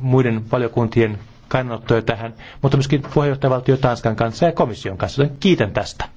muiden valiokuntien kannanottoja tähän, mutta myöskin puheenjohtajavaltio Tanskan kanssa ja komission kanssa. Joten kiitän tästä.